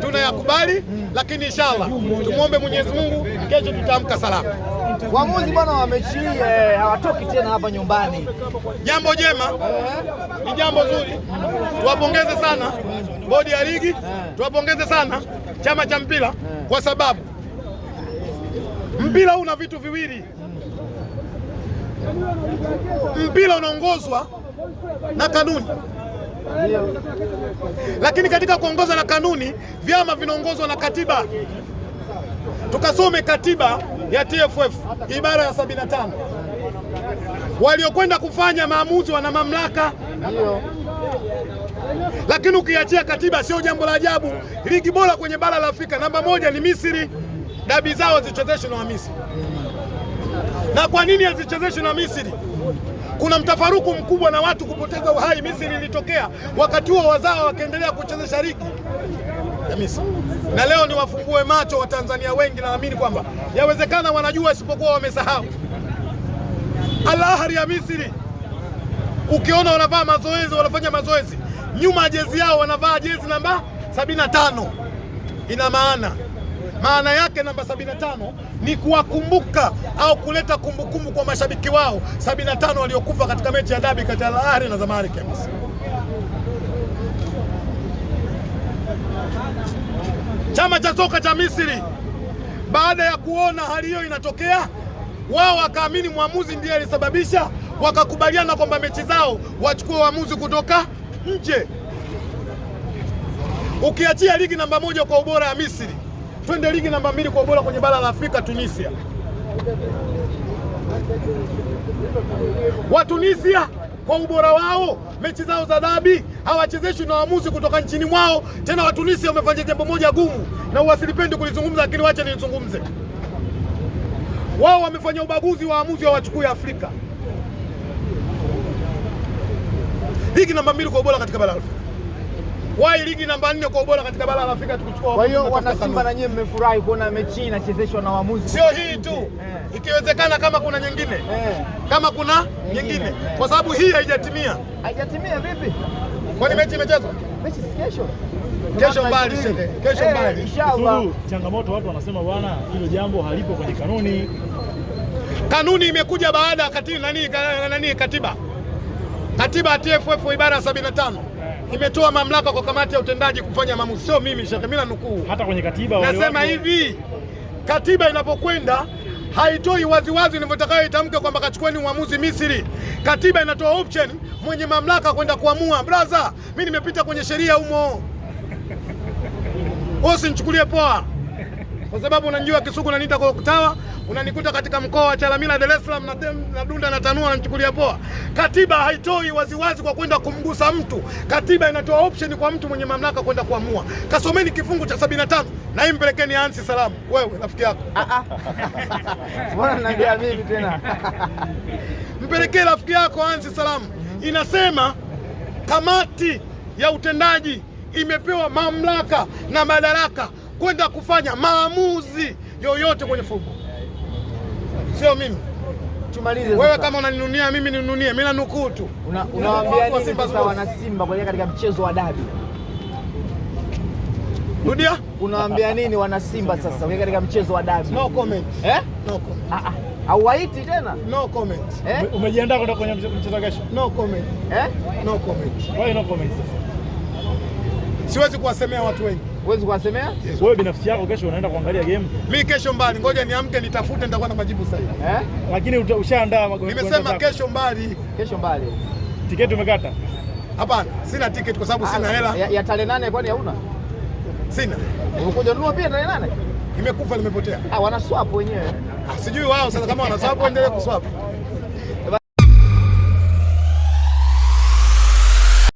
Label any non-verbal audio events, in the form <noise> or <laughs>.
tunayakubali mm. Lakini inshallah tumwombe Mwenyezi Mungu, kesho tutaamka salama. Waamuzi bwana wa mechi hii eh, hawatoki tena hapa nyumbani, jambo jema ni eh, jambo zuri. Tuwapongeze sana bodi ya ligi eh, tuwapongeze sana chama cha mpira eh, kwa sababu mpira huu una vitu viwili. Mpira unaongozwa na kanuni lakini katika kuongozwa na kanuni, vyama vinaongozwa na katiba. Tukasome katiba ya TFF ibara ya 75, waliokwenda kufanya maamuzi wana mamlaka. Lakini ukiachia katiba, sio jambo la ajabu. Ligi bora kwenye bara la Afrika namba moja ni Misri. Dabi zao hazichezeshwi na misri Na kwa nini hazichezeshwi na Misri? kuna mtafaruku mkubwa na watu kupoteza uhai Misri. Ilitokea wakati huo wazawa wakaendelea kuchezesha ligi ya Misri, na leo ni wafungue macho wa tanzania wengi, na naamini kwamba yawezekana wanajua, isipokuwa wamesahau. Al Ahly ya Misri, ukiona wanavaa mazoezi, wanafanya mazoezi nyuma ya jezi yao wanavaa jezi namba 75 ina maana maana yake namba 75 ni kuwakumbuka au kuleta kumbukumbu kwa mashabiki wao 75 waliokufa katika mechi ya dabi kati ya Al Ahly na Zamalek Chama cha soka cha Misri baada ya kuona hali hiyo inatokea, wao wakaamini mwamuzi ndiye alisababisha, wakakubaliana kwamba mechi zao wachukue waamuzi kutoka nje. Ukiachia ligi namba moja kwa ubora ya Misri twende ligi namba mbili kwa ubora kwenye bara la Afrika, Tunisia. Watunisia kwa ubora wao mechi zao za dabi hawachezeshwi na waamuzi kutoka nchini mwao. Tena Watunisia wamefanya jambo moja gumu na uwasilipendi kulizungumza, lakini wacha nilizungumze. Wao wamefanya ubaguzi, waamuzi hawachukui Afrika. Ligi namba mbili kwa ubora katika bara la Afrika wai ligi namba nne kwa ubora katika bara la Afrika tukuchukua. Kwa hiyo wana Simba na nyinyi mmefurahi kuona mechi inachezeshwa na waamuzi, sio hii tu eh, ikiwezekana kama kuna nyingine eh, kama kuna eh, nyingine eh, kwa sababu hii haijatimia. Haijatimia vipi? Kwani mechi imechezwa? Mechi kesho kesho mbali, kesho eh, mbali inshallah. Changamoto watu wanasema bwana, hilo jambo halipo kwenye kanuni. Kanuni imekuja baada ya katiba, nani nani, katiba katiba ya TFF ibara ya 75 Nimetoa mamlaka kwa kamati ya utendaji kufanya maamuzi, sio mimi Sheikh, mimi nanukuu. Hata kwenye katiba nasema wali hivi katiba inapokwenda haitoi waziwazi ninavyotakayo itamke kwamba kachukueni uamuzi Misri. Katiba inatoa option mwenye mamlaka kwenda kuamua. Brother, mimi nimepita kwenye sheria humo, usinichukulie poa kwa sababu unanijua Kisugu, unaniita kwa uktawa, unanikuta katika mkoa wa Chalamila, Dar es Salaam, nadunda na tanua, namchukulia poa. Katiba haitoi waziwazi kwa kwenda kumgusa mtu. Katiba inatoa option kwa mtu mwenye mamlaka kwenda kuamua. Kasomeni kifungu cha 75 na hii mpelekeni Ansi salamu, wewe rafiki yako ah, ah. <laughs> <laughs> mpelekee rafiki yako Ansi salamu. Inasema kamati ya utendaji imepewa mamlaka na madaraka kwenda kufanya maamuzi yoyote kwenye football, sio mimi. Tumalize wewe, kama unaninunia mimi ninunie, mimi nanukuu tu. Unawaambia nini Simba sasa Simba kwenye katika mchezo wa dabi? Rudia, unawaambia nini wana Simba sasa kuelekea katika mchezo wa dabi? No comment. Eh? No comment. Ah ah. Hawaiti tena? No comment. Eh? Umejiandaa kwenda kwenye mchezo kesho? No comment. Eh? No comment. Why no comment sasa? Siwezi kuwasemea watu wengi. Huwezi kuwasemea wewe binafsi yako. Kesho unaenda kuangalia game? mi kesho mbali, ngoja niamke nitafute, nitakuwa na majibu sahihi eh? Lakini ushaandaa magoli? Nimesema kesho mbali, kesho mbali. Tiketi umekata? Hapana, sina tiketi kwa sababu sina ah, hela ya, ya tarehe nane. Kwani hauna? Sina. Ulikuja nunua pia tarehe nane? Imekufa, limepotea. Ah, wanaswap wenyewe. Ah, sijui wao sasa, kama wanaswapu endelee kuswap